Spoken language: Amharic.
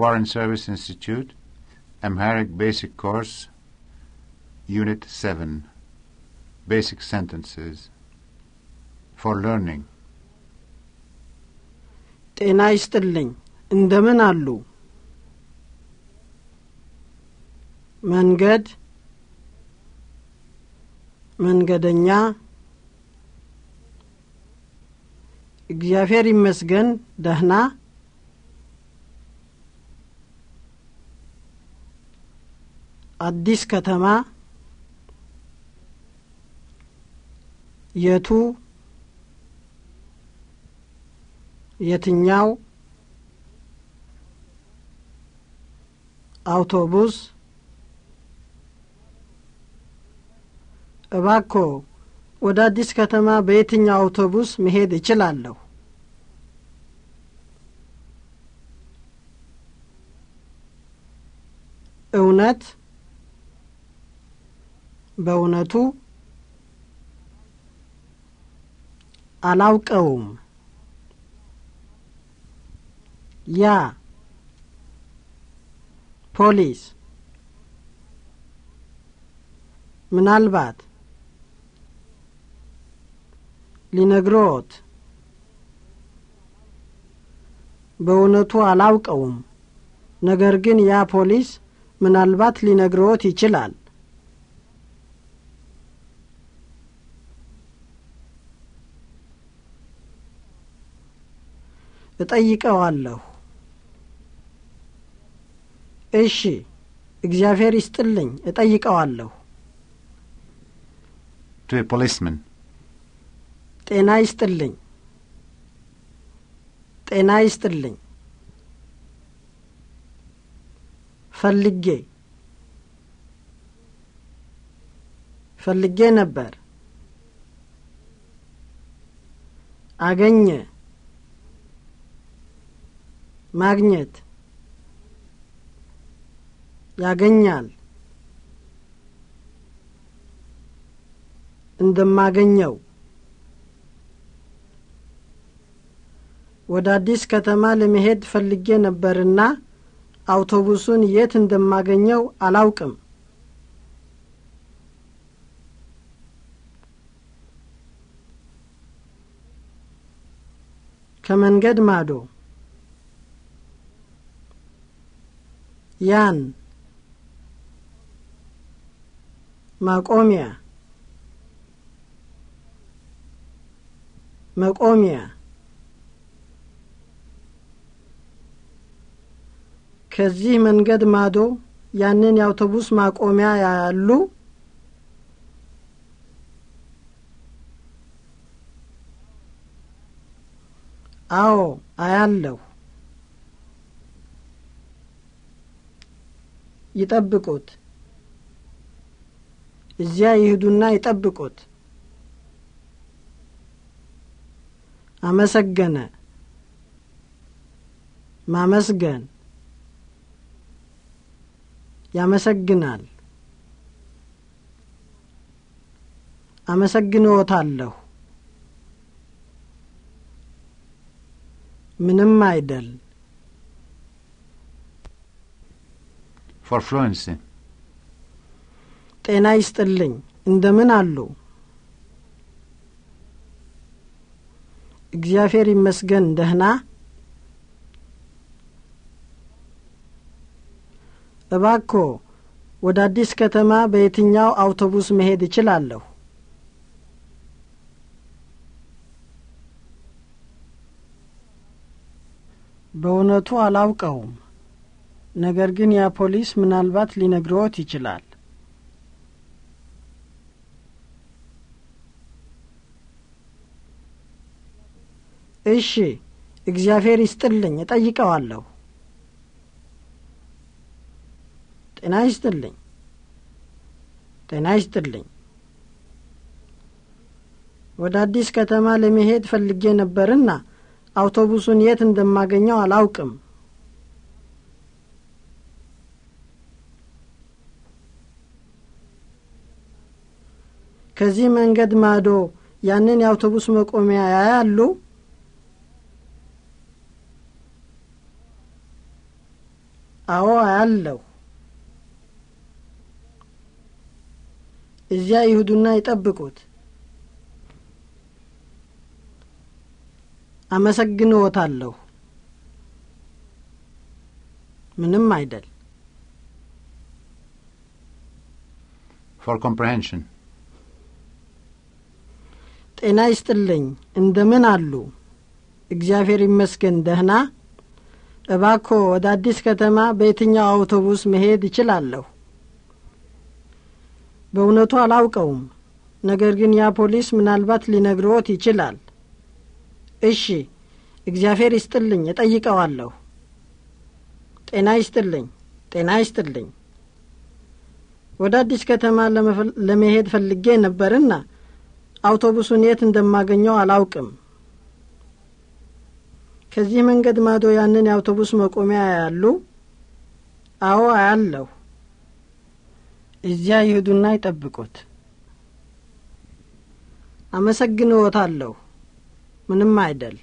Foreign Service Institute, Amharic Basic Course, Unit 7, Basic Sentences, for Learning. ጤና ይስጥልኝ እንደምን አሉ መንገድ መንገደኛ እግዚአብሔር ይመስገን ደህና አዲስ ከተማ የቱ የትኛው አውቶቡስ እባኮ ወደ አዲስ ከተማ በየትኛው አውቶቡስ መሄድ እችላለሁ? እውነት በእውነቱ አላውቀውም። ያ ፖሊስ ምናልባት ሊነግሮት በእውነቱ አላውቀውም። ነገር ግን ያ ፖሊስ ምናልባት ሊነግሮት ይችላል። እጠይቀዋለሁ። እሺ፣ እግዚአብሔር ይስጥልኝ፣ እጠይቀዋለሁ። ቱ ፖሊስመን ጤና ይስጥልኝ፣ ጤና ይስጥልኝ። ፈልጌ ፈልጌ ነበር። አገኘ ማግኘት ያገኛል እንደማገኘው ወደ አዲስ ከተማ ለመሄድ ፈልጌ ነበርና አውቶቡሱን የት እንደማገኘው አላውቅም። ከመንገድ ማዶ ያን ማቆሚያ መቆሚያ ከዚህ መንገድ ማዶ ያንን የአውቶቡስ ማቆሚያ ያሉ አዎ አያለሁ ይጠብቁት። እዚያ ይህዱና ይጠብቁት። አመሰገነ፣ ማመስገን፣ ያመሰግናል። አመሰግንዎታለሁ። ምንም አይደል። ፎር ፍሉዌንሲ ጤና ይስጥልኝ። እንደምን አሉ? እግዚአብሔር ይመስገን ደህና። እባክዎ ወደ አዲስ ከተማ በየትኛው አውቶቡስ መሄድ እችላለሁ? በእውነቱ አላውቀውም። ነገር ግን ያ ፖሊስ ምናልባት ሊነግረዎት ይችላል። እሺ፣ እግዚአብሔር ይስጥልኝ፣ እጠይቀዋለሁ። ጤና ይስጥልኝ፣ ጤና ይስጥልኝ። ወደ አዲስ ከተማ ለመሄድ ፈልጌ ነበርና አውቶቡሱን የት እንደማገኘው አላውቅም። ከዚህ መንገድ ማዶ ያንን የአውቶቡስ መቆሚያ ያያሉ? አዎ አያለሁ። እዚያ ይሁዱና ይጠብቁት። አመሰግንዎታለሁ። ምንም አይደል። ፎር ኮምፕሬንሽን ጤና ይስጥልኝ። እንደምን አሉ? እግዚአብሔር ይመስገን ደህና። እባኮ ወደ አዲስ ከተማ በየትኛው አውቶቡስ መሄድ እችላለሁ? በእውነቱ አላውቀውም፣ ነገር ግን ያ ፖሊስ ምናልባት ሊነግሮት ይችላል። እሺ፣ እግዚአብሔር ይስጥልኝ፣ እጠይቀዋለሁ። ጤና ይስጥልኝ፣ ጤና ይስጥልኝ። ወደ አዲስ ከተማ ለመሄድ ፈልጌ ነበርና አውቶቡሱን የት እንደማገኘው አላውቅም። ከዚህ መንገድ ማዶ ያንን የአውቶቡስ መቆሚያ ያሉ? አዎ አያለሁ። እዚያ ይሂዱና ይጠብቁት። አመሰግንዎታለሁ። ምንም አይደል።